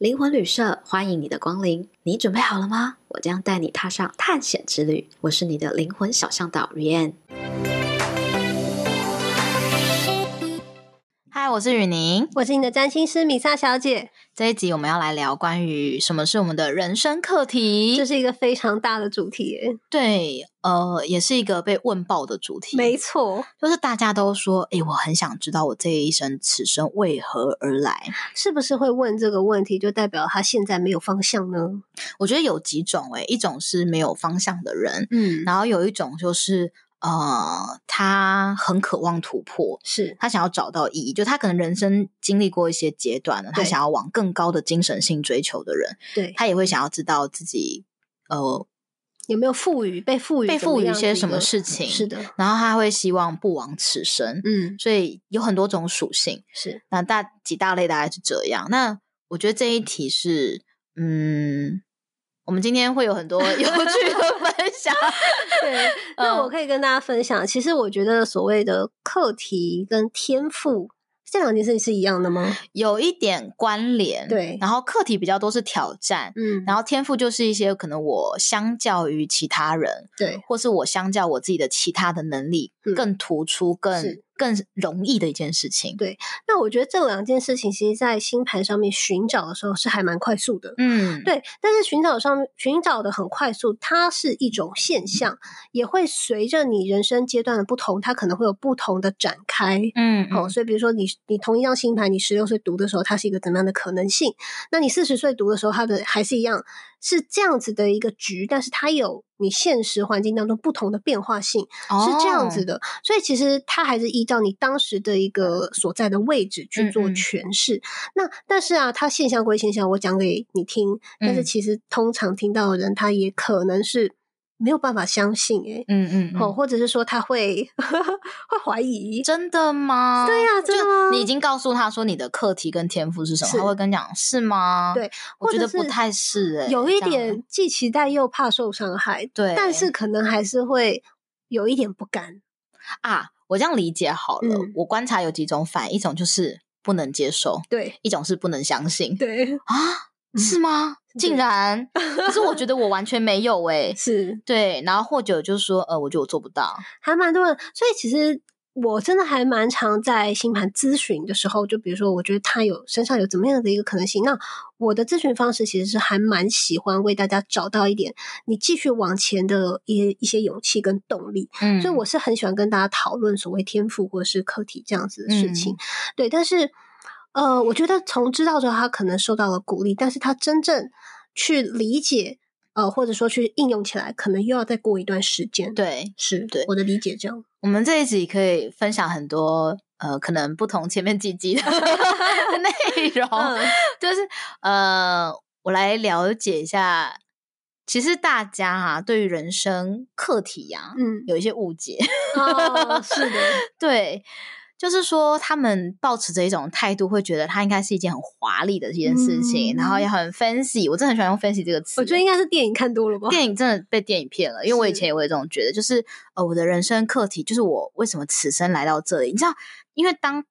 靈魂旅社，歡迎你的光臨，你準備好了嗎？我將帶你踏上探險之旅。我是你的靈魂小嚮導，Rian。Rian 我是雨寧，我是你的占星師米薩小姐。這一集我們要來聊關於什麼是我們的人生課題，這是一個非常大的主題、欸、對，呃，也是一個被問爆的主題，沒錯，就是大家都說，誒、欸，我很想知道我這一生，此生為何而來？是不是會問這個問題，就代表他現在沒有方向呢？我覺得有幾種、欸，誒，一種是沒有方向的人，嗯，然後有一種就是。呃，他很渴望突破，是他想要找到意義，就他可能人生經歷過一些階段了，他想要往更高的精神性追求的人，對，他也會想要知道自己，呃，有沒有賦予被賦予被賦予一些什麼事情，是的，然後他會希望不枉此生，嗯，所以有很多種屬性是，那大幾大類大概是這樣，那我覺得這一題是，嗯。我們今天會有很多有趣的分享， 對。那我可以跟大家分享，其實我覺得所謂的課題跟天賦這兩件事情是一樣的嗎？有一點關聯，對。然後課題比較多是挑戰，嗯。然後天賦就是一些可能我相較於其他人，對，或是我相較我自己的其他的能力，嗯，更突出，更。更容易的一件事情。對，那我覺得這兩件事情，其實，在星盤上面尋找的時候是還蠻快速的。嗯，對。但是尋找上面尋找的很快速，它是一種現象，也會隨着你人生階段的不同，它可能會有不同的展開。嗯，嗯，好、哦。所以，比如說你你同一張星盤，你十六歲讀的時候，它是一個怎麼樣的可能性？那你四十歲讀的時候，它的還是一樣。是這樣子的一個局，但是它有你現實環境當中不同的變化性，oh. 是這樣子的。所以其實它還是依照你當時的一個所在的位置去做詮釋。Mm -hmm. 那但是啊，它現象歸現象，我講給你聽。但是其實通常聽到的人，他也可能是。沒有辦法相信哎、欸，嗯，嗯嗯，或者是說他會 會懷疑，真的嗎？對呀、啊，真的嗎？就你已經告訴他說你的課題跟天賦是什麼，他會跟你講是嗎？對，我覺得不太是哎、欸，有一點既期待又怕受傷害，對，但是可能還是會有一點不甘啊。我這樣理解好了，嗯、我觀察有幾種反應，一種就是不能接受，對，一種是不能相信，對啊，是嗎？嗯竟然，可是我覺得我完全沒有哎、欸， 是，對，然後或者就是說，呃，我覺得我做不到，還蠻多的。所以其實我真的還蠻常在星盤諮詢的時候，就比如說，我覺得他有身上有怎麼樣的一個可能性。那我的諮詢方式其實是還蠻喜歡為大家找到一點你繼續往前的一些一些勇氣跟動力。嗯，所以我是很喜歡跟大家討論所謂天賦或者是課題這樣子的事情、嗯。對，但是。呃，我覺得從知道之後，他可能受到了鼓勵，但是他真正去理解，呃，或者說去應用起來，可能又要再過一段時間。對，是，對，我的理解這樣。我們這一集可以分享很多，呃，可能不同前面幾集的內容， 的內容、 嗯。就是，呃，我來了解一下，其實大家哈、啊，對於人生課題呀，嗯，有一些誤解。哦、是的， 對。就是說，他們抱持着一種態度，會覺得它應該是一件很華麗的一件事情，嗯、然後也很 fancy，我真的很喜歡用 fancy 這個詞。我覺得應該是電影看多了吧，電影真的被電影騙了。因為我以前也會這種覺得，是就是呃，我的人生課題就是我為什麼此生來到這裡？你知道，因為當。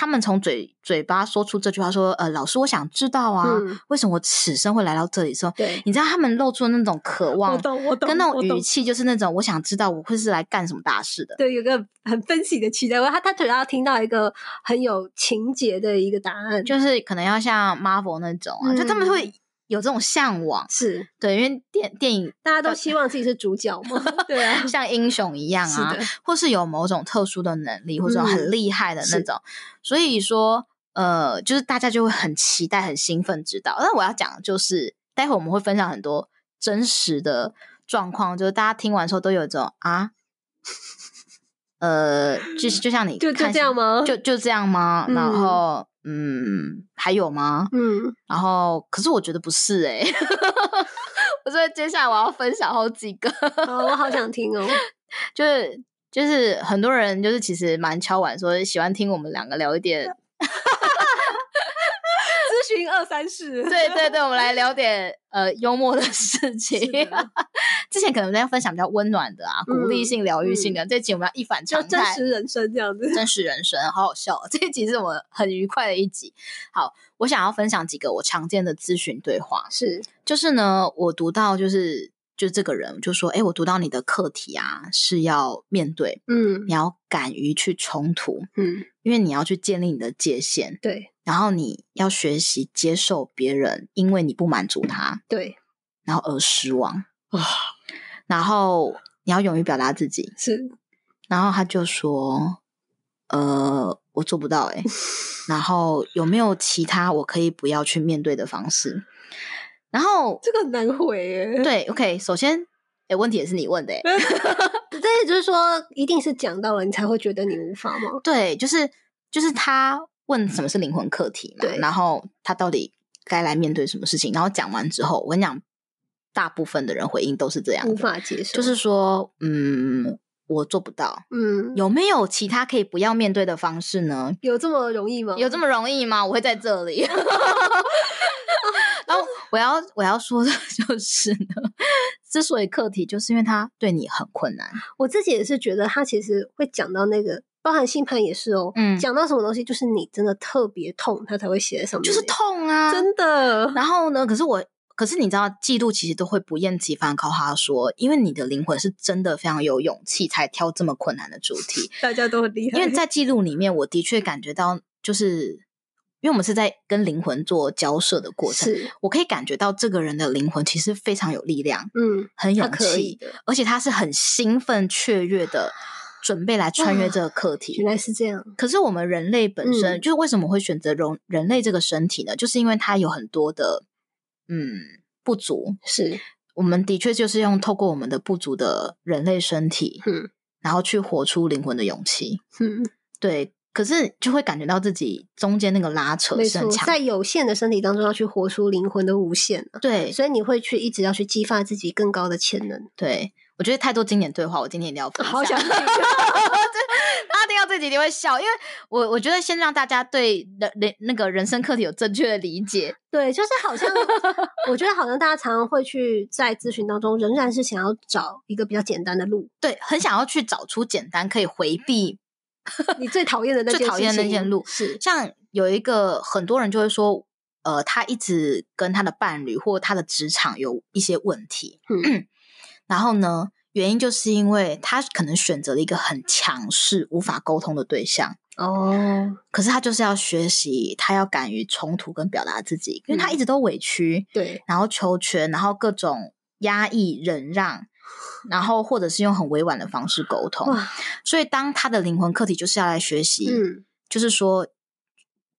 他們從嘴嘴巴說出這句話，說：“呃，老師，我想知道啊、嗯，為什麼我此生會來到這裡？”說：“對，你知道他們露出的那種渴望，我懂我懂我懂。跟那種語氣，就是那種我想知道，我會是來幹什麼大事的。”對，有個很分析的期待，我他他主要聽到一個很有情節的一個答案，就是可能要像 Marvel 那種，啊，就他們會。嗯有這種嚮往，是對，因為電電影大家都希望自己是主角嘛， 對啊，像英雄一樣啊是，或是有某種特殊的能力，嗯、或者很厲害的那種。所以說，呃，就是大家就會很期待、很興奮，知道。但我要講的就是待會我們會分享很多真實的狀況，就是大家聽完之後都有這種啊， 呃，就是就像你就看這樣嗎？就就這樣嗎？樣嗎嗯、然後。嗯，還有嗎？嗯，然後可是我覺得不是哎、欸，我 說接下來我要分享好幾個 ，oh, 我好想聽哦，就是就是很多人就是其實蠻敲碗說喜歡聽我們兩個聊一點。 軍二三式， 對對對，我們來聊點呃幽默的事情。 之前可能大家要分享比較溫暖的啊，鼓勵性、療、嗯、癒性的。這集我們要一反常態，就真實人生這樣子。真實人生，好好笑、哦。這集是我們很愉快的一集。好，我想要分享幾個我常見的諮詢對話。是，就是呢，我讀到就是，就這個人就說，哎，我讀到你的課題啊是要面對，嗯，你要敢於去衝突，嗯，因為你要去建立你的界限，對。然後你要學習接受別人，因為你不滿足他，對，然後而失望啊、哦。然後你要勇於表達自己，是。然後他就說：“呃，我做不到、欸，哎。 然後有沒有其他我可以不要去面對的方式？”然後這個很難回耶、欸。對，OK，首先，哎、欸，問題也是你問的、欸，哎，這也就是說，一定是講到了你才會覺得你無法嗎？對，就是，就是他。問什麼是靈魂課題嘛、嗯，對。然後他到底該來面對什麼事情？然後講完之後，我跟你講，大部分的人回應都是這樣，無法接受，就是說，嗯，我做不到。嗯，有沒有其他可以不要面對的方式呢？有這麼容易嗎？有這麼容易嗎？我會在這裡。 然後我要我要說的就是呢，之所以課題，就是因為他對你很困難。我自己也是覺得，他其實會講到那個。包含星盤也是哦，嗯，講到什麼東西，就是你真的特別痛，他才會寫什麼。就是痛啊，真的。然後呢，可是我，可是你知道，記錄其實都會不厭其煩靠他說，因為你的靈魂是真的非常有勇氣，才挑這麼困難的主題。大家都很厲害，因為在記錄裡面，我的確感覺到，就是因為我們是在跟靈魂做交涉的過程，我可以感覺到這個人的靈魂其實非常有力量，嗯，很有勇氣，而且他是很興奮雀躍的。準備來穿越這個課題。啊，原來是這樣。可是我們人類本身，嗯、就是為什麼會選擇人，人類這個身體呢？就是因為它有很多的嗯不足，是我們的確就是用透過我們的不足的人類身體，嗯，然後去活出靈魂的勇氣，嗯，對。可是就會感覺到自己中間那個拉扯是很，很強。沒錯，在有限的身體當中要去活出靈魂的無限。啊、對，所以你會去一直要去激發自己更高的潛能，對。我覺得太多經典對話，我今天一定要分享。好想聽，他一， 一定要自幾天會笑，因為我我覺得先讓大家對人、人那個人生課題有正確的理解。對，就是好像 我覺得好像大家常常會去在諮詢當中，仍然是想要找一個比較簡單的路。對，很想要去找出簡單可以回避你 最討厭的、的那件最討厭那路，是像有一個很多人就會說，呃，他一直跟他的伴侶或他的職場有一些問題。嗯然後呢，原因就是因為他可能選擇了一個很強勢、無法溝通的對象哦。可是他就是要學習，他要敢於衝突跟表達自己，嗯，因為他一直都委屈，對，然後求全，然後各種壓抑、忍讓，然後或者是用很委婉的方式溝通。啊，所以，當他的靈魂課題就是要來學習，嗯，就是說，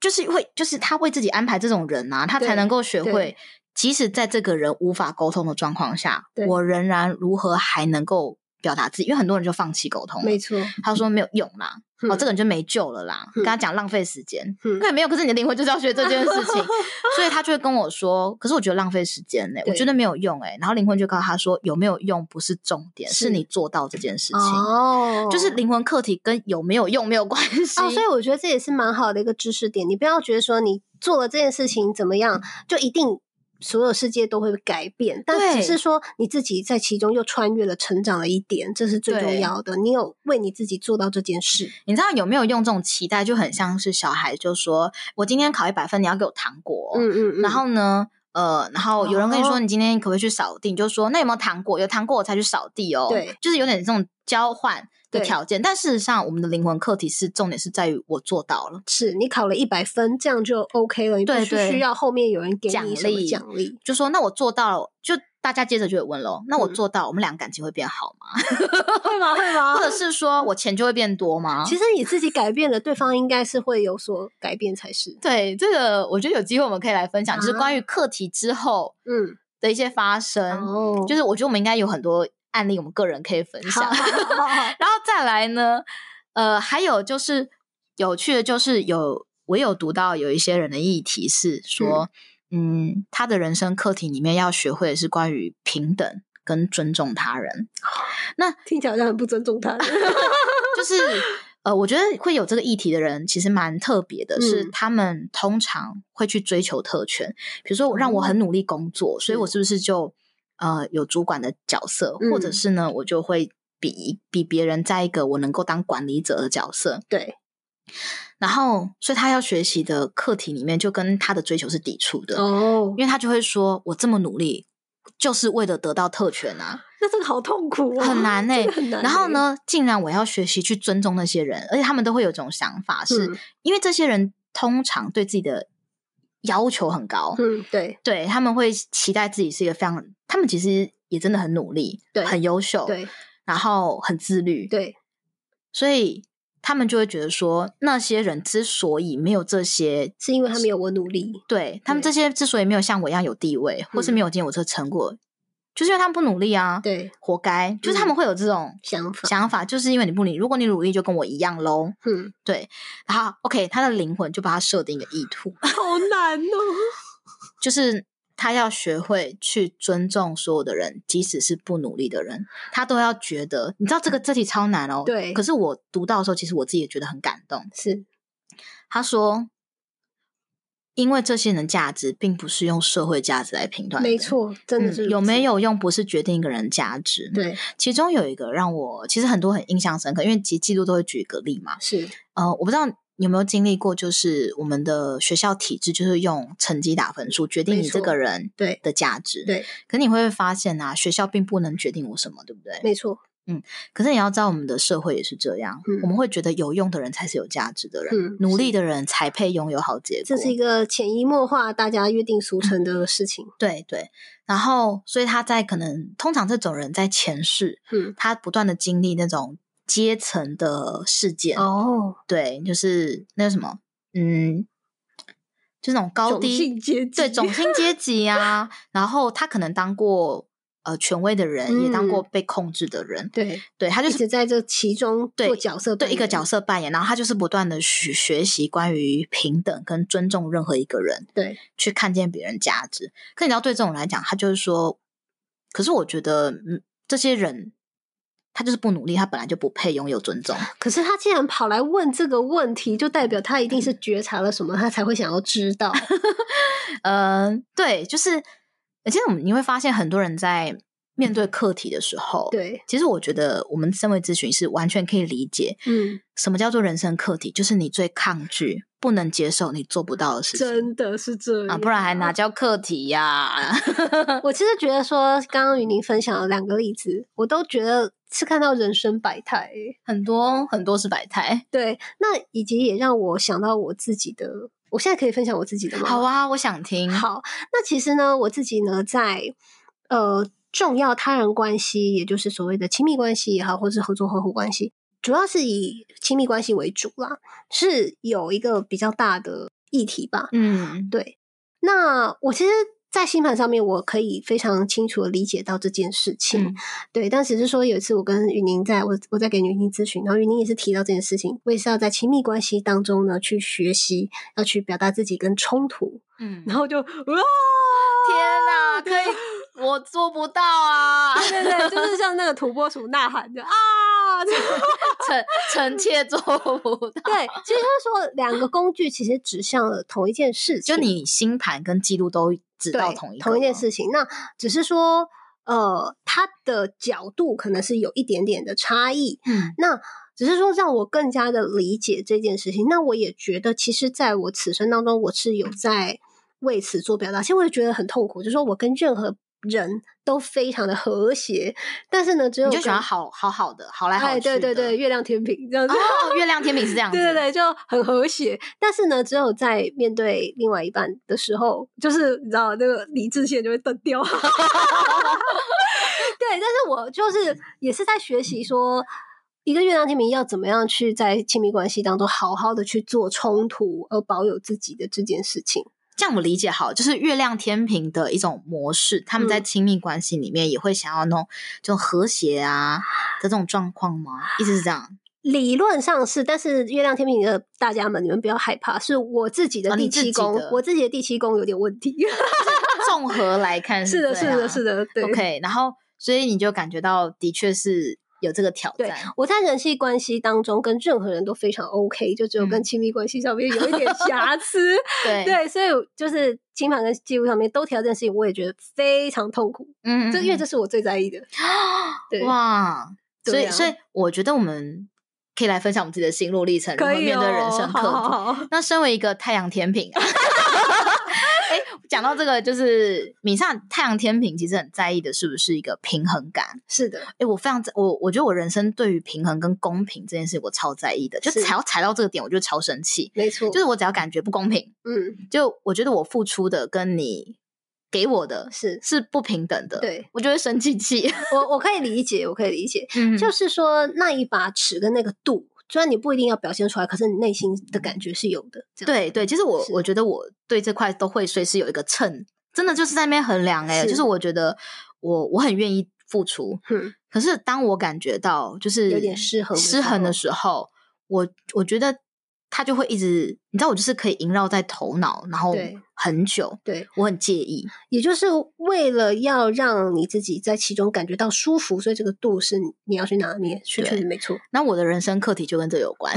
就是會就是他為自己安排這種人啊，他才能夠學會。即使在這個人無法溝通的狀況下，我仍然如何還能夠表達自己？因為很多人就放棄溝通了。沒錯，他說沒有用啦，嗯、哦，這個人就沒救了啦，嗯、跟他講浪費時間。對、嗯，嗯、沒有，可是你的靈魂就是要學這件事情， 所以他就會跟我說：“可是我覺得浪費時間呢、欸，我覺得沒有用哎、欸。”然後靈魂就告訴他：“說有沒有用不是重點，是你做到這件事情，哦，就是靈魂課題跟有沒有用沒有關係哦，所以我覺得這也是蠻好的一個知識點。你不要覺得說你做了這件事情怎麼樣，嗯、就一定。所有世界都會改變，但只是說你自己在其中又穿越了、成長了一點，這是最重要的。你有為你自己做到這件事，你知道有沒有用這種期待？就很像是小孩，就說：“我今天考一百分，你要給我糖果。”嗯嗯嗯。然後呢，呃，然後有人跟你說：“你今天可不可以去掃地？”哦。你就說：“那有沒有糖果？有糖果我才去掃地哦。”對，就是有點這種交換。的條件對，但事實上，我們的靈魂課題是重點，是在於我做到了。是你考了一百分，這樣就 OK 了對。你不需要後面有人給你什麼獎勵獎勵，就說那我做到了。就大家接着就會問嘍：那我做到、嗯，我們倆感情會變好嗎？ 會嗎？會嗎？或者是說我錢就會變多嗎？其實你自己改變了，對方應該是會有所改變才是。 對這個，我覺得有機會我們可以來分享，啊、就是關於課題之後嗯的一些發生、嗯，就是我覺得我們應該有很多。案例我們，個人可以分享， 然後再來呢？呃，還有就是有趣的就是有我有讀到有一些人的議題是說，嗯、嗯，他的人生課題裡面要學會的是關於平等跟尊重他人。那聽起來好像很不尊重他人， 就是呃，我覺得會有這個議題的人其實蠻特別的，嗯、是他們通常會去追求特權，比如說我讓我很努力工作，嗯、所以我是不是就？呃，有主管的角色，或者是呢，我就會比比別人在一個我能夠當管理者的角色。對。然後，所以他要學習的課題裡面，就跟他的追求是抵觸的哦。因為他就會說，我這麼努力，就是為了得到特權啊。那這個好痛苦啊，很難哎，欸欸。然後呢，竟然我要學習去尊重那些人，而且他們都會有一種想法是，是，嗯，因為這些人通常對自己的要求很高，嗯，對，對，他們會期待自己是一個非常，他們其實也真的很努力，對，很優秀，對，然後很自律，對，所以他們就會覺得說，那些人之所以沒有這些，是因為他沒有我努力，對他們這些之所以沒有像我一樣有地位，或是沒有今天我這個成果。嗯就是因為他們不努力啊，對，活該、嗯。就是他們會有這種想法，想法就是因為你不努力，如果你努力就跟我一樣嘍。嗯，對。然後，OK，他的靈魂就把他設定一個意圖。好難哦。 就是他要學會去尊重所有的人，即使是不努力的人，他都要覺得，你知道這個、嗯、這題超難哦。對。可是我讀到的時候，其實我自己也覺得很感動。是。他說。因為這些人的價值並不是用社會價值來評斷的，沒錯，真的是、嗯、有沒有用不是決定一個人價值。對，其中有一個讓我其實很多很印象深刻，因為其實紀錄都會舉一個例嘛。是，呃，我不知道你有沒有經歷過，就是我們的學校體制就是用成績打分數決定你這個人對的價值。對，對，可你會發現啊，學校並不能決定我什麼，對不對？沒錯。嗯，可是你要知道，我們的社會也是這樣、嗯，我們會覺得有用的人才是有價值的人、嗯，努力的人才配擁有好結果。這是一個潛移默化、大家約定俗成的事情。嗯、對對，然後所以他在可能通常這種人在前世，嗯、他不斷的經歷那種階層的事件哦，對，就是那個什麼，嗯，就那種高低，種姓階級對，種姓階級啊， 然後他可能當過。呃，權威的人、嗯、也當過被控制的人，對，對他就是、一直在這其中做角色扮演對，對一個角色扮演，然後他就是不斷的學學習關於平等跟尊重任何一個人，對，去看見別人價值。可你知道對這種來講，他就是說，可是我覺得，嗯，這些人他就是不努力，他本來就不配擁有尊重。可是他既然跑來問這個問題，就代表他一定是覺察了什麼，嗯、他才會想要知道。嗯、 呃，對，就是。其實我們你會發現，很多人在面對課題的時候、嗯，對，其實我覺得我們身為諮詢師完全可以理解，嗯，什麼叫做人生課題、嗯，就是你最抗拒、不能接受、你做不到的事情，真的是這樣啊，不然還哪叫課題呀？ 我其實覺得說，剛剛與您分享了兩個例子，我都覺得是看到人生百態，很多很多是百態，對，那以及也讓我想到我自己的。我現在可以分享我自己的嗎？好啊，我想聽。好，那其實呢，我自己呢，在呃重要他人關係，也就是所謂的親密關係也好，或是合作合夥關係，主要是以親密關係為主啦，是有一個比較大的議題吧。嗯，對。那我其實，在星盤上面，我可以非常清楚的理解到這件事情，嗯、對。但只是說有一次，我跟云寧在，我我在給云寧諮詢，然後云寧也是提到這件事情，我也是要在親密關係當中呢去學習，要去表達自己跟衝突。嗯，然後就哇，天哪、啊啊，可以， 我做不到啊！對對，對，就是像那個土撥鼠吶喊的啊， 臣臣妾做不到。對，其實他說兩個工具其實指向了同一件事情，就你星盤跟記錄都，知道，同一同一件事情，那只是說，呃，他的角度可能是有一點點的差異。嗯，那只是說讓我更加的理解這件事情。那我也覺得，其實在我此生當中，我是有在為此做表達，其實我也覺得很痛苦，就是說我跟任何人都非常的和諧，但是呢，只有你就喜歡好好好的好來好去對，對對對，月亮天平這樣子哦， 月亮天平是這樣的，對對對，就很和諧。但是呢，只有在面對另外一半的時候，就是你知道那個理智線就會斷掉。 對，但是我就是也是在學習說，一個月亮天平要怎麼樣去在親密關係當中好好的去做衝突，而保有自己的這件事情。這樣我理解好，就是月亮天秤的一種模式，他們在親密關係裡面也會想要那種就和諧啊的這種狀況、啊、嗎？意思是這樣，理論上是，但是月亮天秤的大家們，你們不要害怕，是我自己的第七宮、哦，我自己的第七宮有點問題。綜 合來看是是，是的，是的，是的，對。OK，然後所以你就感覺到的確是。有這個挑戰，我在人際關係當中跟任何人都非常 OK，就只有跟親密關係上面有一點瑕疵。嗯、 對對，所以就是情感跟記錄上面都提到這件事情，我也覺得非常痛苦。嗯，嗯，嗯，這因為這是我最在意的。對。哇，所以所以我覺得我們可以來分享我們自己的心路歷程，可以、哦，如何面對人生課題。那身為一個太陽甜品、啊。 講到這個，就是米薩太陽天平其實很在意的，是不是一個平衡感？是的、欸，誒我非常我我覺得我人生對於平衡跟公平這件事，我超在意的。就只要踩到這個點，我就超生氣。沒錯，就是我只要感覺不公平，嗯，就我覺得我付出的跟你給我的是是不平等的，對，我就會生氣氣。我我可以理解，我可以理解，嗯、就是說那一把尺跟那個度，雖然你不一定要表現出來，可是你內心的感覺是有的。的對對，其實我我覺得我對這塊都會隨時有一個秤，真的就是在那邊衡量誒、欸，就是我覺得我我很願意付出、嗯，可是當我感覺到就是有點失衡失衡的時候，我我覺得。他就會一直，你知道，我就是可以縈繞在頭腦，然後很久。對，對，我很介意，也就是為了要讓你自己在其中感覺到舒服，所以這個度是你要去拿捏，確實沒錯。那我的人生課題就跟這有關，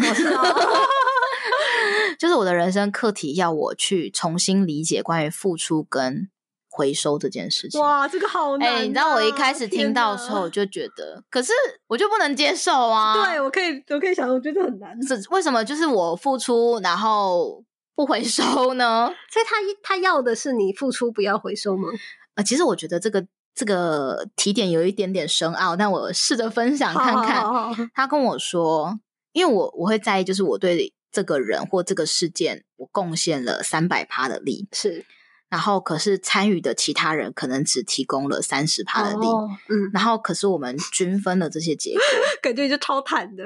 就是我的人生課題要我去重新理解關於付出跟。回收這件事情哇，這個好難哎、啊欸！你知道我一開始聽到的時候我就覺得，可是我就不能接受啊！對我可以，我可以想說，我覺得很難。是為什麼？就是我付出，然後不回收呢？ 所以他他要的是你付出，不要回收嗎？啊、呃，其實我覺得這個這個提點有一點點深奧，但我試着分享看看。好好好。他跟我說，因為我我會在意，就是我對這個人或這個事件，我貢獻了三百趴的力，是。然後可是參與的其他人可能只提供了三十趴的力，哦，嗯，然後可是我們均分了這些結果，感覺就超慘的。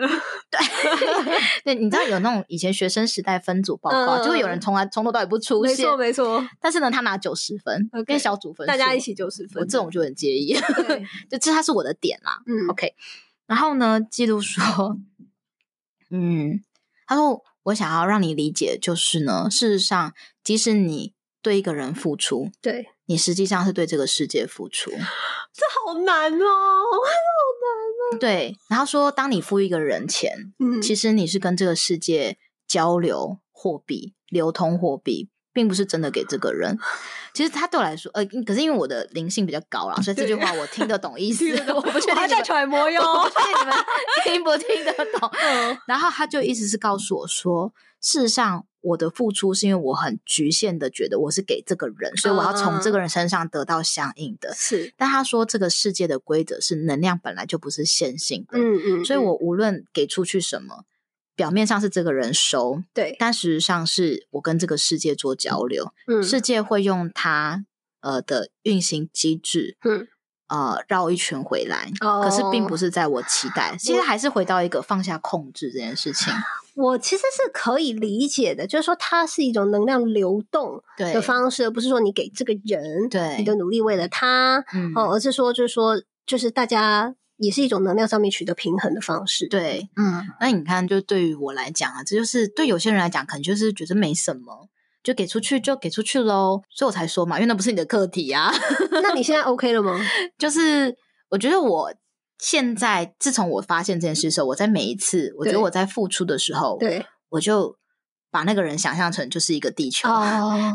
對， 對，你知道有那種以前學生時代分組報告，呃，就會有人從來從頭到尾不出現，沒錯沒錯。但是呢，他拿九十分，okay, 跟小組分，大家一起九十分。我這種就很介意， 就這他是我的點啦。嗯，OK。然後呢，紀錄說，嗯，他說我想要讓你理解，就是呢，事實上，即使你。對一個人付出，對你實際上是對這個世界付出，這好難哦，好難哦。對，然後說，當你付一個人錢，嗯，其實你是跟這個世界交流貨幣、流通貨幣，並不是真的給這個人。其實他對我來說，呃，可是因為我的靈性比較高啦，所以這句話我聽得懂意思。我不確定，他在揣摩喲，所以你們聽不聽得懂？ 嗯，然後他就意思是告訴我說，事實上。我的付出是因為我很局限的覺得我是給這個人，所以我要從這個人身上得到相應的。Uh, 是，但他說這個世界的規則是能量本來就不是線性的。嗯嗯嗯，所以我無論給出去什麼，表面上是這個人收，對，但實際上是我跟這個世界做交流，嗯嗯、世界會用它呃的運行機制。嗯呃，繞一圈回來，oh, 可是並不是在我期待我。其實還是回到一個放下控制這件事情。我其實是可以理解的，就是說它是一種能量流動的方式，而不是說你給這個人，對你的努力為了他，哦、嗯呃，而是說就是說就是大家也是一種能量上面取得平衡的方式。對，嗯，那你看，就對於我來講啊，這就是對有些人來講，可能就是覺得沒什麼。就給出去就給出去嘍，所以我才說嘛，因為那不是你的課題呀、啊。 那你現在 OK 了嗎？就是我覺得我現在自從我發現這件事的時候，我在每一次我覺得我在付出的時候，對我就。把那個人想象成就是一個地球，oh.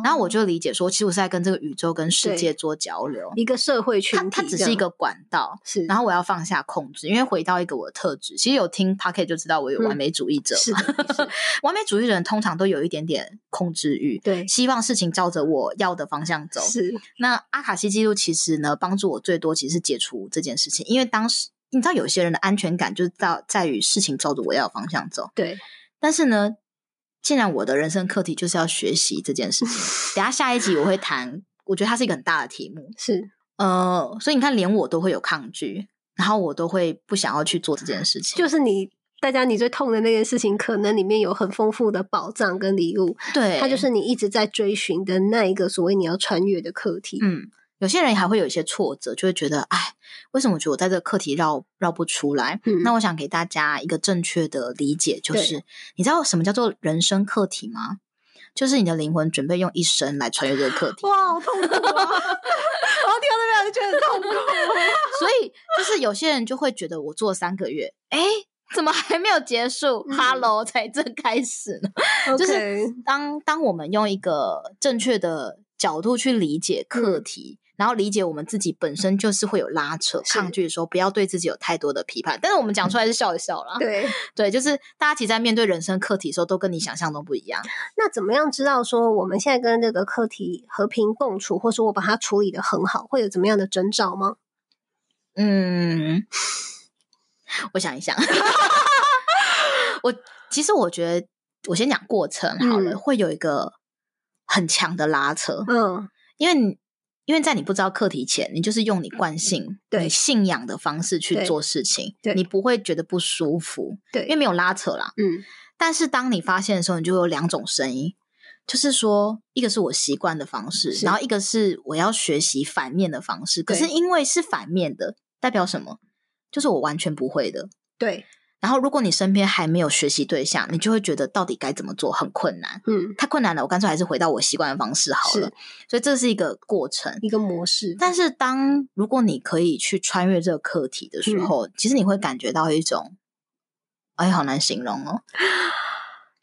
然後我就理解說，其實我是在跟這個宇宙、跟世界做交流。一個社會圈，它它只是一個管道。是，然後我要放下控制，因為回到一個我的特質，其實有聽 Podcast 就知道我有完美主義者嘛、嗯是。是， 完美主義者通常都有一點點控制欲，對，希望事情照着我要的方向走。是，那阿卡西記錄其實呢，幫助我最多其實是解除這件事情，因為當時你知道，有些人的安全感就是到在於事情照着我要的方向走。對，但是呢。既然我的人生課題就是要學習這件事情， 等一下下一集我會談，我覺得它是一個很大的題目。是，呃，所以你看，連我都會有抗拒，然後我都會不想要去做這件事情。就是你，大家你最痛的那件事情，可能裡面有很豐富的寶藏跟禮物。對，它就是你一直在追尋的那一個所謂你要穿越的課題。嗯。有些人也還會有一些挫折，就會覺得，哎，為什麼我覺得我在這個課題繞繞不出來，嗯？那我想給大家一個正確的理解，就是你知道什麼叫做人生課題嗎？就是你的靈魂準備用一生來穿越這個課題。哇，好痛苦，啊！我 聽到這兩個字就覺得痛苦，欸。所以，就是有些人就會覺得，我做三個月，哎，怎麼還沒有結束，嗯？Hello，才正開始呢。Okay. 就是當當我們用一個正確的角度去理解課題。然後理解我們自己本身就是會有拉扯、抗拒的時候，不要對自己有太多的批判。但是我們講出來是笑一笑啦、嗯。對對，就是大家其實，在面對人生課題的時候，都跟你想象都不一樣。那怎麼樣知道說我們現在跟這個課題和平共處，或是我把它處理得很好，會有怎麼樣的徵兆嗎？嗯，我想一想。 我其實我覺得，我先講過程好了、嗯，會有一個很強的拉扯。嗯，因為。因為在你不知道課題前，你就是用你慣性、嗯、對你信仰的方式去做事情，你不會覺得不舒服，對，因為沒有拉扯啦。嗯，但是當你發現的時候，你就有兩種聲音，就是說，一個是我習慣的方式，然後一個是我要學習反面的方式。可是因為是反面的，代表什麼？就是我完全不會的，對。然後，如果你身邊還沒有學習對象，你就會覺得到底該怎麼做很困難，嗯，太困難了，我干脆還是回到我習慣的方式好了。是，所以這是一個過程，一個模式。嗯、但是，當如果你可以去穿越這個課題的時候，嗯、其實你會感覺到一種，哎，好難形容哦，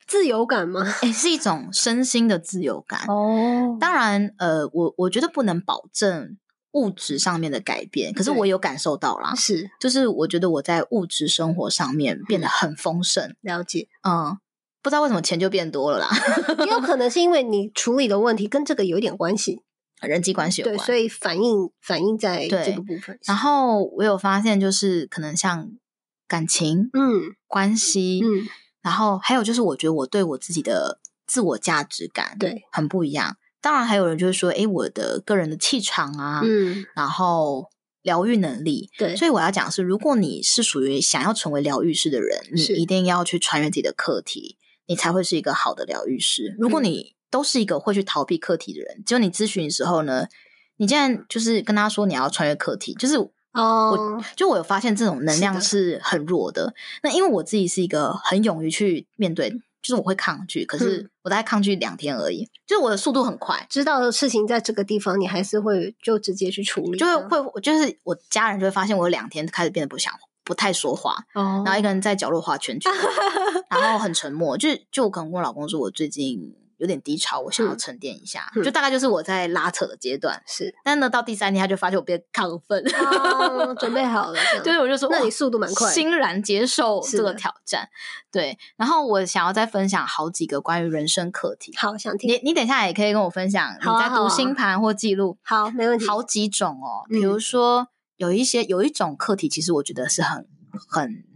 自由感嗎？哎，是一種身心的自由感哦。當然，呃，我我覺得不能保證。物質上面的改變，可是我有感受到啦。是，就是我覺得我在物質生活上面變得很豐盛，嗯，了解，嗯，不知道為什麼錢就變多了啦，也 有可能是因為你處理的問題跟這個有一點關係，人際關係有關。對，所以反映反映在這個部分。然後我有發現，就是可能像感情，嗯，關係，嗯，然後還有就是，我覺得我對我自己的自我價值感，對，很不一樣。當然還有人就會說，哎、欸，我的個人的氣場啊，嗯，然後療癒能力，對，所以我要講的是，如果你是屬於想要成為療癒師的人，你一定要去穿越自己的課題，你才會是一個好的療癒師。如果你都是一個會去逃避課題的人，就、嗯、你諮詢的時候呢，你竟然就是跟他說你要穿越課題，就是我哦，就我有發現這種能量是很弱的的。那因為我自己是一個很勇於去面對。就是我會抗拒，可是我大概抗拒兩天而已。嗯、就是我的速度很快，知道的事情在這個地方，你還是會就直接去處理，就會會，就是我家人就會發現我有兩天開始變得不想不太說話，哦，然後一個人在角落畫圈圈， 然後很沉默。就就可能我老公說我最近。有點低潮，我想要沉澱一下，嗯，就大概就是我在拉扯的階段。是，但呢，到第三天他就發現我變亢奮，哦、 準備好了。對，我就說，那你速度蠻快，欣然接受這個挑戰。對，然後我想要再分享好幾個關於人生課題。好，想聽。你你等一下也可以跟我分享，好啊好啊，你在讀星盤或記錄、啊啊。好，沒問題。好幾種哦、喔嗯，比如說有一些有一種課題，其實我覺得是很很。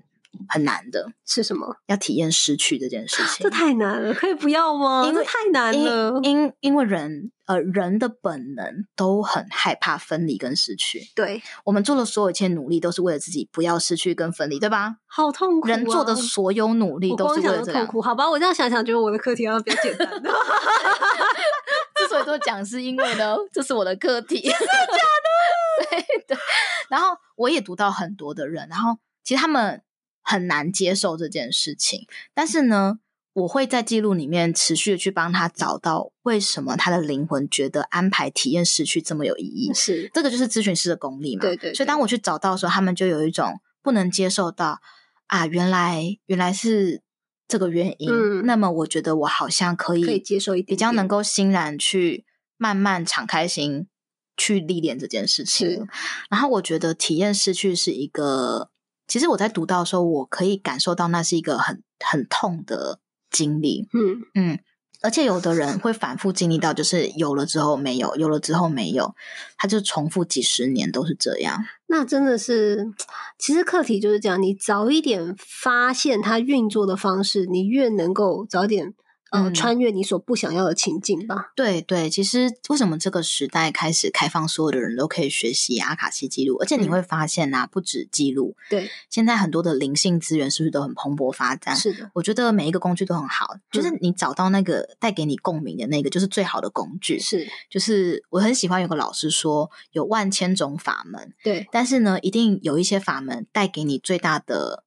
很難的是什麼？要體驗失去這件事情。啊，這太難了，可以不要嗎？因為太難了，因為因為人呃人的本能都很害怕分離跟失去。對，我們做的所有一切努力都是為了自己不要失去跟分離，對吧？好痛苦，啊，人做的所有努力都是為了這痛苦。好吧，我這樣想想，覺得我的課題要變簡單。 對 之所以說講，是因為呢， 這是我的課題，真的假的？對 對。對 然後我也讀到很多的人，然後其實他們。很難接受這件事情，但是呢，我會在記錄裡面持續的去幫他找到為什麼他的靈魂覺得安排體驗失去這麼有意義。是，這個就是諮詢師的功力嘛？對，對對。所以當我去找到的時候，他們就有一種不能接受到啊，原來原來是這個原因。嗯。那麼我覺得我好像可以，可以接受一點點，比較能夠欣然去慢慢敞開心去歷練這件事情。然後我覺得體驗失去是一個。其實我在讀到的時候，我可以感受到那是一個很很痛的經歷。嗯嗯，而且有的人會反復經歷到，就是有了之後沒有，有了之後沒有，他就重復幾十年都是這樣。那真的是，其實課題就是這樣，你早一點發現它運作的方式，你越能夠早一點。嗯，穿越你所不想要的情境吧。對對，其實為什麼這個時代開始開放，所有的人都可以學習阿卡西紀錄，而且你會發現吶、啊嗯，不止記錄，對，現在很多的靈性資源是不是都很蓬勃發展？是的，我覺得每一個工具都很好，嗯、就是你找到那個帶給你共鳴的那個，就是最好的工具。是，就是我很喜歡有個老師說，有萬千種法門，對，但是呢，一定有一些法門帶給你最大的。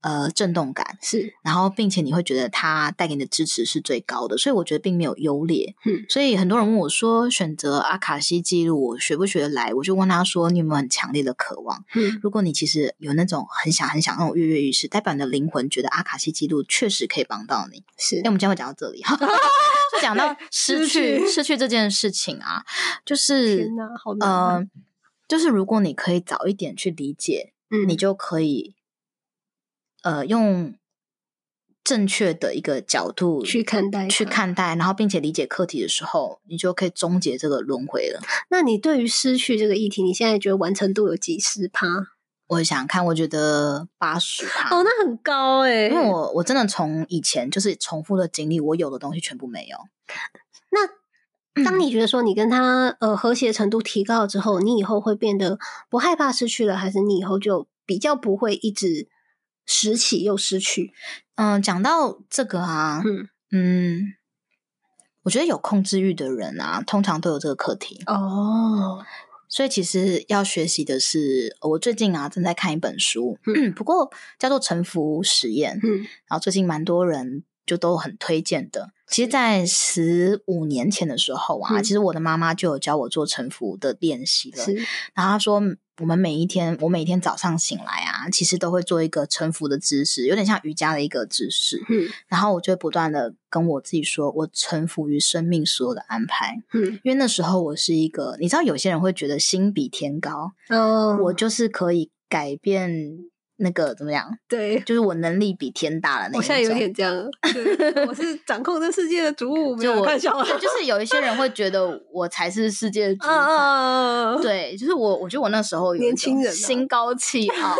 呃，震動感是，然後並且你會覺得它帶給你的支持是最高的，所以我覺得並沒有優劣。嗯，所以很多人問我說，選擇阿卡西記錄，我學不學得來？我就問他說，你有沒有很強烈的渴望？嗯，如果你其實有那種很想很想那種躍躍欲試，代表你的靈魂覺得阿卡西記錄確實可以幫到你。是，那我們今天會講到這裡哈。 就講到失去， 失去這件事情啊，就是，嗯、啊呃，就是如果你可以早一點去理解，嗯，你就可以。呃，用正確的一個角度去看待，去看待，然後並且理解課題的時候，你就可以終結這個輪迴了。那你對於失去這個議題，你現在覺得完成度有幾十趴？我想看，我覺得八十趴。哦，那很高哎、欸！因為我我真的從以前就是重複的經歷，我有的東西全部沒有。 那當你覺得說你跟他呃和諧程度提高了之後，你以後會變得不害怕失去了，還是你以後就比較不會一直？拾起又失去，嗯，講到這個啊，嗯，嗯我覺得有控制欲的人啊，通常都有這個課題哦。所以其實要學習的是，我最近啊正在看一本書，嗯、不過叫做《臣服實驗》，嗯，然後最近蠻多人。就都很推薦的。其實，在十五年前的時候啊、嗯，其實我的媽媽就有教我做臣服的練習了。然後她說，我們每一天，我每一天早上醒來啊，其實都會做一個臣服的姿勢，有點像瑜伽的一個姿勢、嗯。然後我就會不斷的跟我自己說，我臣服於生命所有的安排。嗯、因為那時候我是一個，你知道，有些人會覺得心比天高，呃、我就是可以改變。那個怎麼樣？對，就是我能力比天大的那種。我現在有點這樣， 是我是掌控著世界的主物， 就我 沒有開玩笑，就是有一些人會覺得我才是世界的主。啊、uh,。對，就是我，我覺得我那時候有年輕人心高氣傲。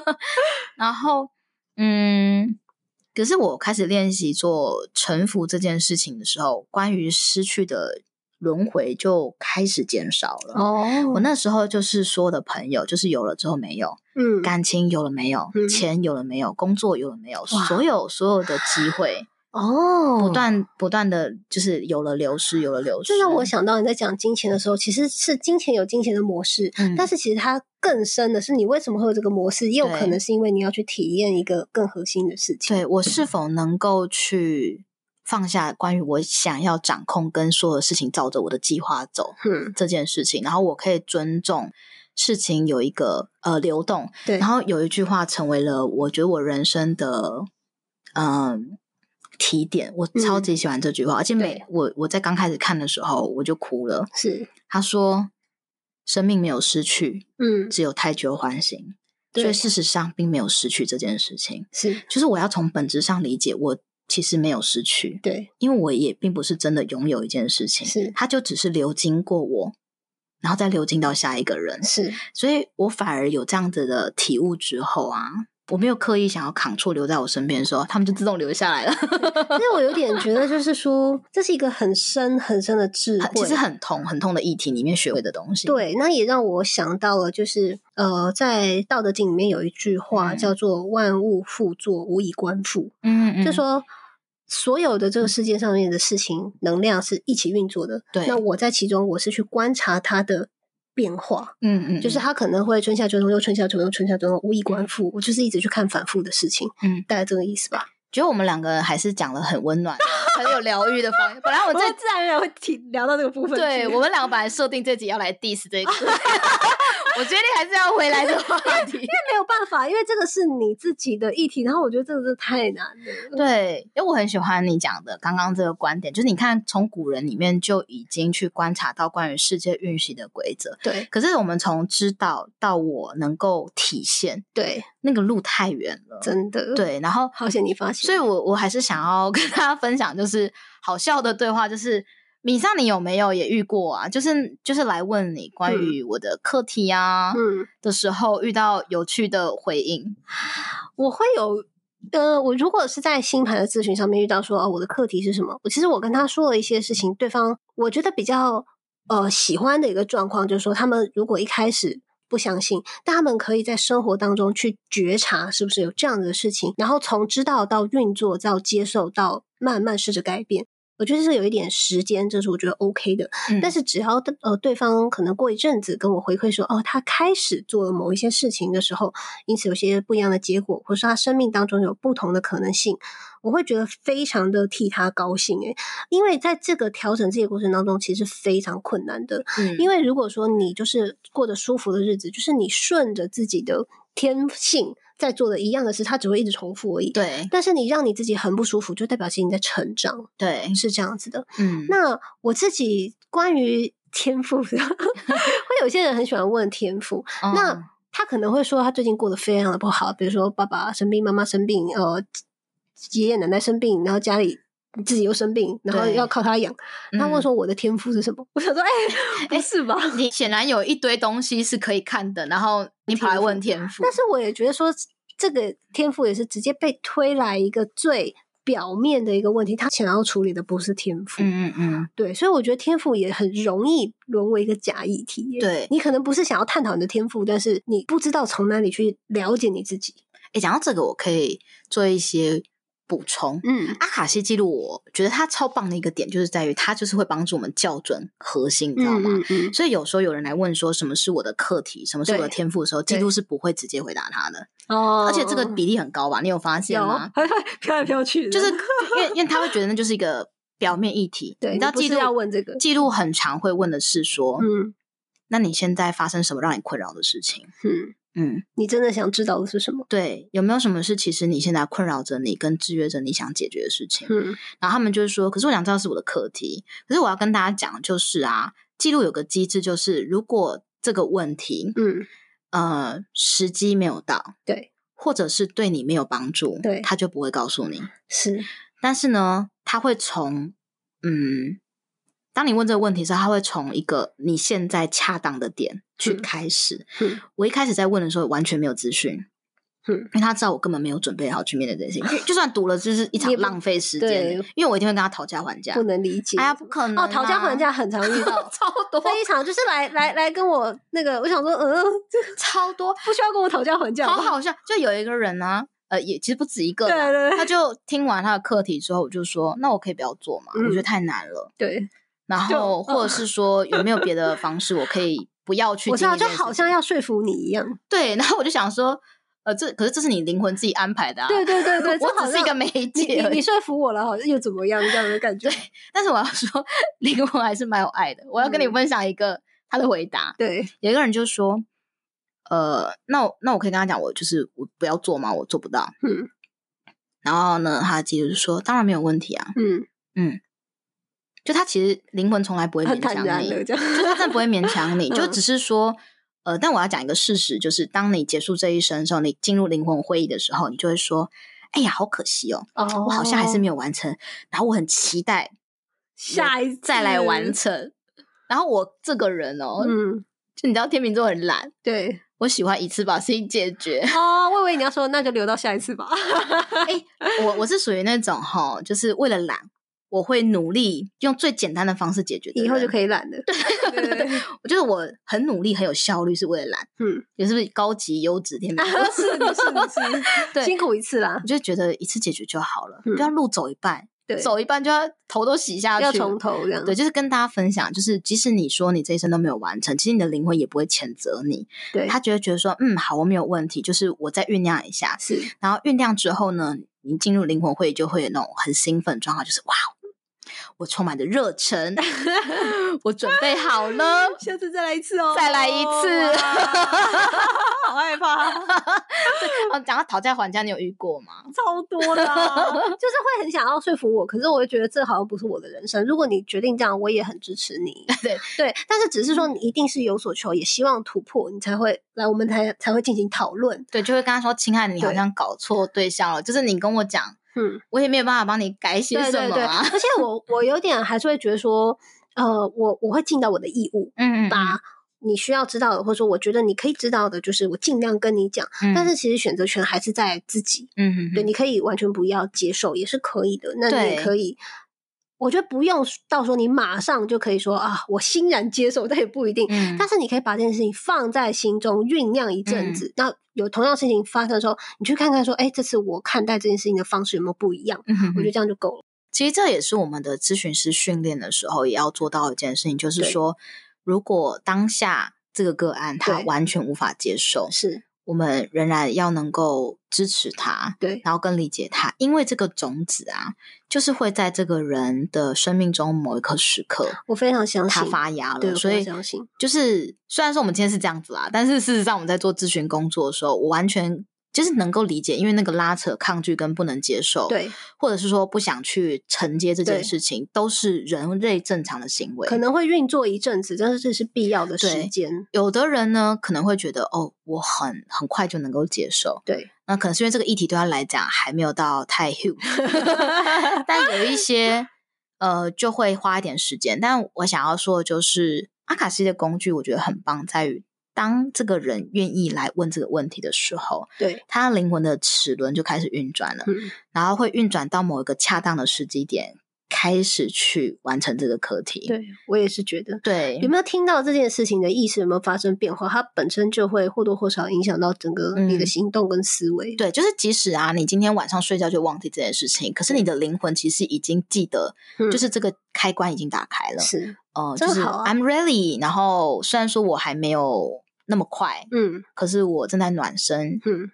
哦、 然後，嗯， 可是我開始練習做臣服這件事情的時候，關於失去的，輪回就開始減少了。哦、oh.，我那時候就是說的朋友，就是有了之後沒有，嗯，感情有了沒有，嗯、錢有了沒有，工作有了沒有，所有所有的機會，哦、oh.，不斷不斷的，就是有了流失，有了流失。就讓我想到你在講金錢的時候，其實是金錢有金錢的模式、嗯，但是其實它更深的是你為什麼會有這個模式？也有可能是因為你要去體驗一個更核心的事情。對，對，我是否能夠去？放下關於我想要掌控，跟所有事情照着我的計劃走、嗯、這件事情，然後我可以尊重事情有一個呃流動。對，然後有一句話成為了我覺得我人生的嗯提、呃、點，我超級喜歡這句話，嗯、而且每我我在剛開始看的時候我就哭了。是，他說生命沒有失去，嗯，只有太久歡行，所以事實上並沒有失去這件事情。是，就是我要從本質上理解我。其實沒有失去，對，因為我也並不是真的擁有一件事情，是，它就只是流經過我，然後再流經到下一個人，是，所以我反而有這樣子的體悟之後啊。我沒有刻意想要扛錯，留在我身邊的時候，他們就自動留下來了。因 為我有點覺得，就是說，這是一個很深很深的智慧，其實很痛很痛的議題裡面學會的東西。對，那也讓我想到了，就是呃，在《道德經》裡面有一句話，嗯、叫做“萬物復作，吾以觀復”。嗯嗯，就說所有的這個世界上面的事情，嗯、能量是一起運作的。對，那我在其中，我是去觀察它的。變化，嗯嗯，就是他可能會春夏秋冬又春夏秋冬、春夏秋冬，無以觀復，我就是一直去看反覆的事情，嗯，大概這個意思吧。覺得我們兩個還是講了很溫暖、 很有療癒的方。本來我在自然面會提聊到這個部分，對，我們兩個本來設定這集要來 diss 這一個。 我覺得你還是要回來的話題因，因為沒有辦法，因為這個是你自己的議題。然後我覺得這個是太難了。對，因為我很喜歡你講的剛剛這個觀點，就是你看從古人裡面就已經去觀察到關於世界運行的規則。對。可是我們從知道到我能夠體現，對那個路太遠了，真的。對，然後好險你發現。所以我我還是想要跟大家分享，就是好笑的對話，就是。米薩你有沒有也遇過啊？就是就是來問你關於我的課題啊，的時候遇到有趣的回應。嗯嗯，我會有，呃，我如果是在星盤的諮詢上面遇到說，哦，我的課題是什麼？我其實我跟他說了一些事情，對方我覺得比較呃喜歡的一個狀況，就是說他們如果一開始不相信，但他們可以在生活當中去覺察是不是有這樣的事情，然後從知道到運作，到接受，到慢慢試着改變。我覺得是有一點時間，這是我覺得 OK 的。嗯、但是只要呃對方可能過一陣子跟我回饋說，哦，他開始做了某一些事情的時候，因此有些不一樣的結果，或是他生命當中有不同的可能性，我會覺得非常的替他高興誒，因為在這個調整自己過程當中，其實是非常困難的，嗯。因為如果說你就是過得舒服的日子，就是你順着自己的天性，在做的一樣的事，他只會一直重複而已。對，但是你讓你自己很不舒服，就代表是你在成長。對，是這樣子的。嗯，那我自己關於天賦的， 會有些人很喜歡問天賦，嗯。那他可能會說，他最近過得非常的不好，比如說爸爸生病，媽媽生病，呃，爺爺奶奶生病，然後家裡。你自己又生病，然後要靠他養、嗯。他問說：“我的天賦是什麼？”我想說：“哎、欸，不、欸、是吧？”你顯然有一堆東西是可以看的，然後你跑來問天賦。但是我也覺得說，這個天賦也是直接被推來一個最表面的一個問題。他想要處理的不是天賦，嗯嗯對。所以我覺得天賦也很容易淪為一個假議題。對，你可能不是想要探討你的天賦，但是你不知道從哪裡去了解你自己。哎、欸，講到這個，我可以做一些。補充，嗯，阿卡西記錄，我覺得它超棒的一個點就是在於它就是會幫助我們校準核心，嗯，你知道嗎？嗯嗯。所以有時候有人來問說什麼是我的課題，什麼是我的天賦的時候，記錄是不會直接回答他的，哦，而且這個比例很高吧？你有發現嗎？還飄來飄去，就是因為因為他會覺得那就是一個表面議題， 對，你知道記錄要問這個，記錄很常會問的是說，嗯，那你現在發生什麼讓你困擾的事情？嗯。嗯，你真的想知道的是什麼？對，有沒有什麼是其實你現在困擾着你跟制約着你想解決的事情？嗯，然後他們就是說，可是我想知道是我的課題。可是我要跟大家講，就是啊，紀錄有個機制，就是如果這個問題，嗯，呃，時機沒有到，對，或者是對你沒有幫助，對，他就不會告訴你。是，但是呢，他會從嗯，當你問這個問題的時候，他會從一個你現在恰當的點。去開始、嗯嗯，我一開始在問的時候完全沒有資訊、嗯，因為他知道我根本沒有準備好去面對這件事情、嗯，就就算讀了就是一場浪費時間、欸，因為我一定會跟他討價還價，不能理解，哎呀不可能哦，討價還價很常遇到， 超多，非常就是來來來跟我那個，我想說嗯，這個超多不需要跟我討價還價，好好笑，就有一個人呢、啊，呃，也其實不止一個，對對、對，他就聽完他的課題之後，我就說那我可以不要做嗎？我、嗯、覺得太難了，對，然後或者是說有沒有別的方式我可以。不要去，我就好像要說服你一樣。對，然後我就想說，呃，這可是這是你靈魂自己安排的啊。對對對對， 我只是一個媒介你你，你說服我了，好像又怎麼樣這樣的感覺？ 但是我要說，靈魂還是蠻有愛的。我要跟你分享一個他的回答。對、嗯，有一個人就說，呃，那我那我可以跟他講，我就是我不要做嘛，我做不到。嗯。然後呢，他接着說，當然沒有問題啊。嗯嗯。就他其實靈魂從來不會勉強你，就他真的不會勉強你，就只是說， 嗯、呃，但我要講一個事實，就是當你結束這一生的時候，你進入靈魂會議的時候，你就會說，哎呀，好可惜、喔、哦，我好像還是沒有完成，然後我很期待下一次再來完成，然後我這個人哦、喔，嗯，就你知道天秤座很懶，對，我喜歡一次把事情解決，哦，我以為你要說那就留到下一次吧，哎、 欸，我我是屬於那種吼，就是為了懶。我會努力用最簡單的方式解決，以後就可以懶了。對對對，對，我覺得我很努力、很有效率，是為了懶。嗯，你是不是高級優質天美？是，你是，你是， 對，辛苦一次啦。我就覺得一次解決就好了，嗯，不要路走一半，走一半就要頭都洗一下要重頭。對，就是跟大家分享，就是即使你說你這一生都沒有完成，其實你的靈魂也不會譴責你。對，他覺得覺得說，嗯，好，我沒有問題，就是我再醞釀一下。是，然後醞釀之後呢，你進入靈魂會就會有那種很興奮的狀態，就是哇。我充滿着熱忱， 我準備好了，下次再來一次哦，再來一次， 好害怕。 對，然後講到討價還價，你，家你有遇過嗎？超多啦，啊， 就是會很想要說服我，可是我又覺得這好像不是我的人生。如果你決定這樣，我也很支持你，對對，對。但是只是說，你一定是有所求，也希望突破，你才會來，我們才才會進行討論。對，就會跟他說：“親愛的，你好像搞錯對象了，對，就是你跟我講。”嗯，我也沒有辦法幫你改寫什麼啊。對對對， 而且我我有點還是會覺得說，呃，我我會盡到我的義務，嗯嗯，把你需要知道的，或者說我覺得你可以知道的，就是我盡量跟你講。嗯，但是其實選擇權還是在自己，嗯嗯，對，你可以完全不要接受也是可以的，那你可以。我覺得不用，到時候你馬上就可以說啊，我欣然接受，但也不一定、嗯。但是你可以把這件事情放在心中醞釀一陣子。那、嗯、有同樣事情發生的時候，你去看看說，哎，這次我看待這件事情的方式有沒有不一樣、嗯哼哼？我覺得這樣就夠了。其實這也是我們的諮詢師訓練的時候也要做到的一件事情，就是說，如果當下這個個案他完全無法接受，是。我們仍然要能夠支持他，對，然後更理解他，因為這個種子啊，就是會在這個人的生命中某一刻時刻，我非常相信它發芽了，對，我非常相信，所以就是，雖然說我們今天是這樣子啦，但是事實上我們在做諮詢工作的時候，我完全。就是能夠理解，因為那個拉扯、抗拒跟不能接受，對，或者是說不想去承接這件事情，都是人類正常的行為。可能會運作一陣子，但是這是必要的時間。有的人呢，可能會覺得哦，我很很快就能夠接受，對。那可能是因為這個議題對他來講還沒有到太 huge， 但有一些呃，就會花一點時間。但我想要說的就是，阿卡西的工具我覺得很棒，在於。當這個人願意來問這個問題的時候，對，他靈魂的齒輪就開始運轉了，嗯，然後會運轉到某一個恰當的時機點，開始去完成這個課題。對，我也是覺得，對有沒有聽到這件事情的意思有沒有發生變化？它本身就會或多或少影響到整個你的行動跟思維。嗯、對，就是即使啊，你今天晚上睡覺就忘記這件事情，可是你的靈魂其實已經記得，嗯、就是這個開關已經打開了。是哦，正好啊，就是 I'm ready，然後雖然說我還沒有。那麼快，嗯，可是我正在暖身，嗯，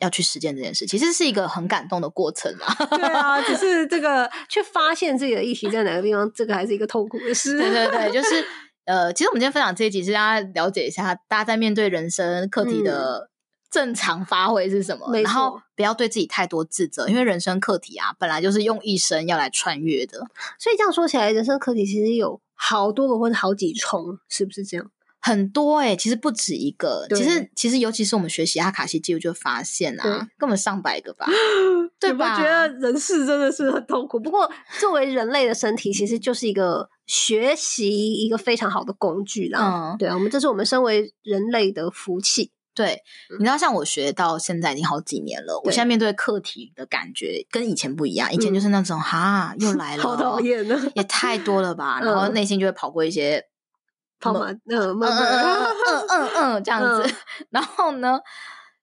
要去實踐這件事，其實是一個很感動的過程啊。對啊， 只是這個去發現自己的議題在哪個地方，這個還是一個痛苦的事。 對對對，就是呃，其實我們今天分享這一集，是讓大家了解一下，大家在面對人生課題的正常發揮是什麼，嗯，然後不要對自己太多自責，因為人生課題啊，本來就是用一生要來穿越的。所以這樣說起來，人生課題其實有好多個，或者好幾重，是不是這樣？很多誒、欸、其實不止一個。其實其實，其實尤其是我們學習阿卡西記錄，就發現啊、嗯，根本上百個吧，對吧？我覺得人生真的是很痛苦。不過，作為人類的身體，其實就是一個學習一個非常好的工具啦。嗯，對啊，我們這是我們身為人類的福氣。嗯、對，你知道，像我學到現在已經好幾年了，嗯、我現在面對課題的感覺跟以前不一樣。嗯、以前就是那種哈，又來了，好討厭了，也太多了吧、嗯。然後內心就會跑過一些。嗯嗯嗯嗯嗯，嗯，嗯，嗯，嗯，這樣子、嗯。然後呢，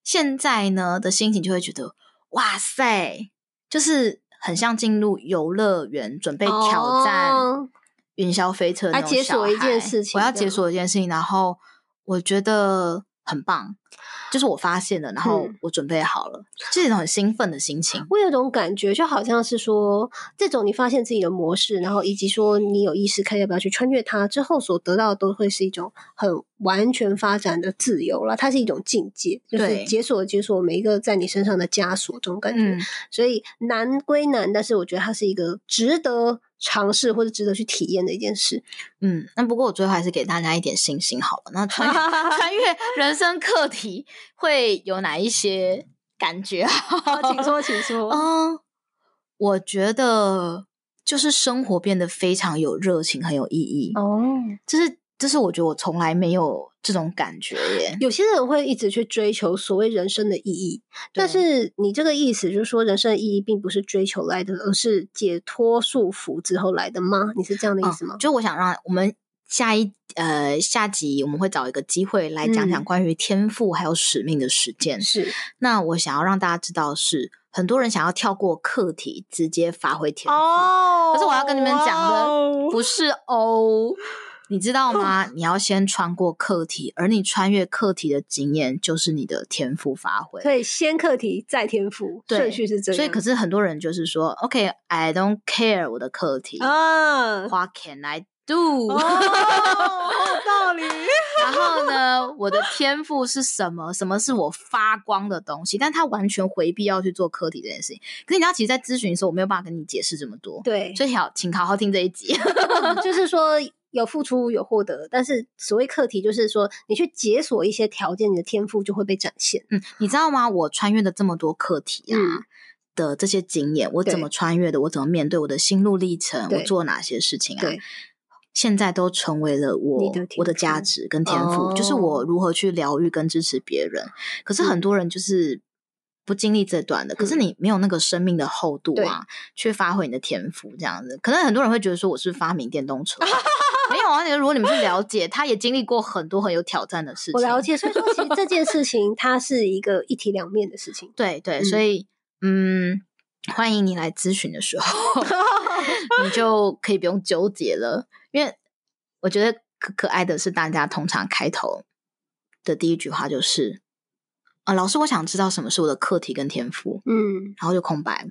現在呢的心情就會覺得，哇塞，就是很像進入遊樂園，準備挑戰雲霄飛車的那種。哦、要解鎖一件事情，我要解鎖一件事情。然後，我覺得。很棒，就是我發現了，然後我準備好了，嗯、這種很興奮的心情。我有一種感覺，就好像是說，這種你發現自己的模式，然後以及說你有意識看要不要去穿越它之後，所得到的都會是一種很完全發展的自由了。它是一種境界，對，就是解鎖解鎖每一個在你身上的枷鎖，這種感覺、嗯。所以難歸難，但是我覺得它是一個值得。嘗試或者值得去體驗的一件事，嗯，那不過我最後還是給大家一點信心好了。那穿越 人生課題會有哪一些感覺啊？ 請說，請說。嗯，我覺得就是生活變得非常有熱情，很有意義哦。就是，就是我覺得我從來沒有。這種感覺耶，有些人會一直去追求所謂人生的意義，但是你這個意思就是說，人生的意義並不是追求來的，而是解脫束縛之後來的嗎？你是這樣的意思嗎？哦、就我想讓我們下一呃下集我們會找一個機會來講講關於天賦還有使命的實踐、嗯、是。那我想要讓大家知道是很多人想要跳過課題直接發揮天賦、哦，可是我要跟你們講的、哦、不是哦。你知道嗎、嗯？你要先穿過課題，而你穿越課題的經驗，就是你的天賦發揮。所以先課題，再天賦，順序是這樣。所以，可是很多人就是說：“OK，I、okay, don't care 我的課題嗯、啊、What can I do？” 道、哦、理。 哦、到 然後呢，我的天賦是什麼？什麼是我發光的東西？但他完全回避要去做課題這件事情。可是，你知道其實，在諮詢的時候，我沒有辦法跟你解釋這麼多。對，所以好，請好好聽這一集。 就是說。有付出有獲得，但是所謂課題就是說，你去解鎖一些條件，你的天賦就會被展現。嗯，你知道嗎？我穿越的這麼多課題啊、嗯、的這些經驗，我怎麼穿越的？我怎麼面對我的心路歷程？我做哪些事情啊？對，現在都成為了我的我的價值跟天賦、哦，就是我如何去療癒跟支持別人。可是很多人就是。嗯。不經歷這段的，可是你沒有那個生命的厚度啊，去發揮你的天賦這樣子，可能很多人會覺得說我是，是發明電動車， 沒有啊。你如果你們去了解，他也經歷過很多很有挑戰的事情。我了解，所以說其實這件事情它是一個一體兩面的事情。對對，所以嗯，嗯，歡迎你來諮詢的時候，你就可以不用糾結了，因為我覺得可可愛的是，大家通常開頭的第一句話就是。啊，老師，我想知道什麼是我的課題跟天賦，嗯，然後就空白，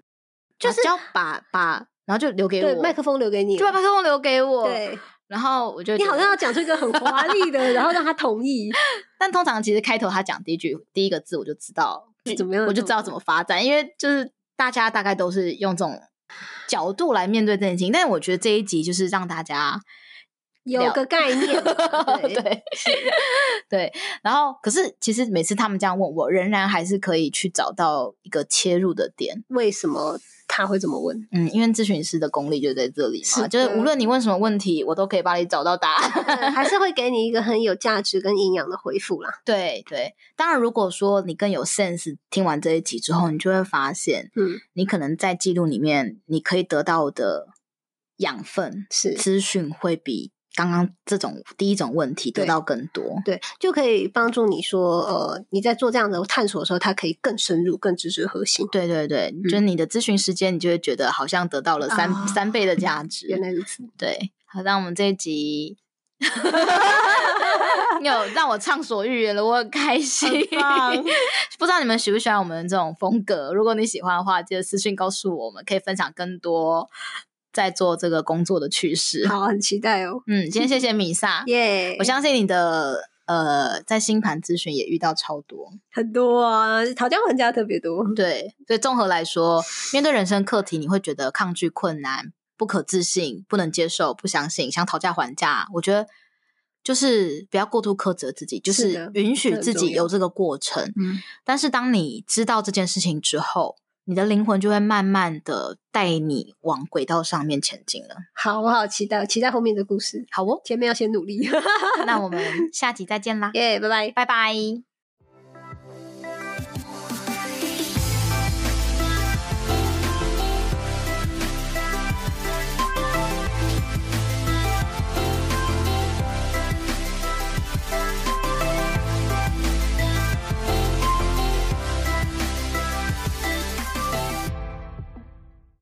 就是只、啊、要把把，然後就留給我，對，麥克風留給你，就把麥克風留給我，對，然後我就覺得，你好像要講出一個很華麗的， 然後讓他同意， 但通常其實開頭他講第一句第一個字我就知道，怎麼樣，我就知道怎麼發展，因為就是大家大概都是用這種角度來面對這件事情，但我覺得這一集就是讓大家。有個概念，對， 對， 對對，然後可是其實每次他們這樣問我，仍然還是可以去找到一個切入的點。為什麼他會這麼問？嗯，因為諮詢師的功力就在這裡嘛，就是無論你問什麼問題，我都可以幫你找到答案， 還是會給你一個很有價值跟營養的回復啦。對對，當然如果說你更有 sense，聽完這一集之後，你就會發現，嗯，你可能在記錄裡面你可以得到的養分是資訊會比。剛剛這種第一種問題得到更多對，對，就可以幫助你說，呃，你在做這樣的探索的時候，它可以更深入、更直指核心。對對對，嗯、就是你的諮詢時間，你就會覺得好像得到了三、哦、三倍的價值。原來如此。對，好，那我們這一集， 有讓我暢所欲言了，我很開心，很棒。不知道你們喜不喜歡我們這種風格？如果你喜歡的話，記得私信告訴我，我們，可以分享更多。在做這個工作的趣事，好，很期待哦。嗯，今天謝謝米薩，耶、 yeah！我相信你的，呃，在星盤諮詢也遇到超多，很多啊，討價還價特別多。對，所以綜合來說，面對人生課題，你會覺得抗拒、困難、不可自信、不能接受、不相信，想討價還價。我覺得就是不要過度苛責自己，就是允許自己有這個過程、嗯。但是當你知道這件事情之後。你的靈魂就會慢慢的帶你往軌道上面前進了。好，我好期待，期待後面的故事。好哦，前面要先努力。 那我們下集再見啦！耶，yeah，拜拜，拜拜。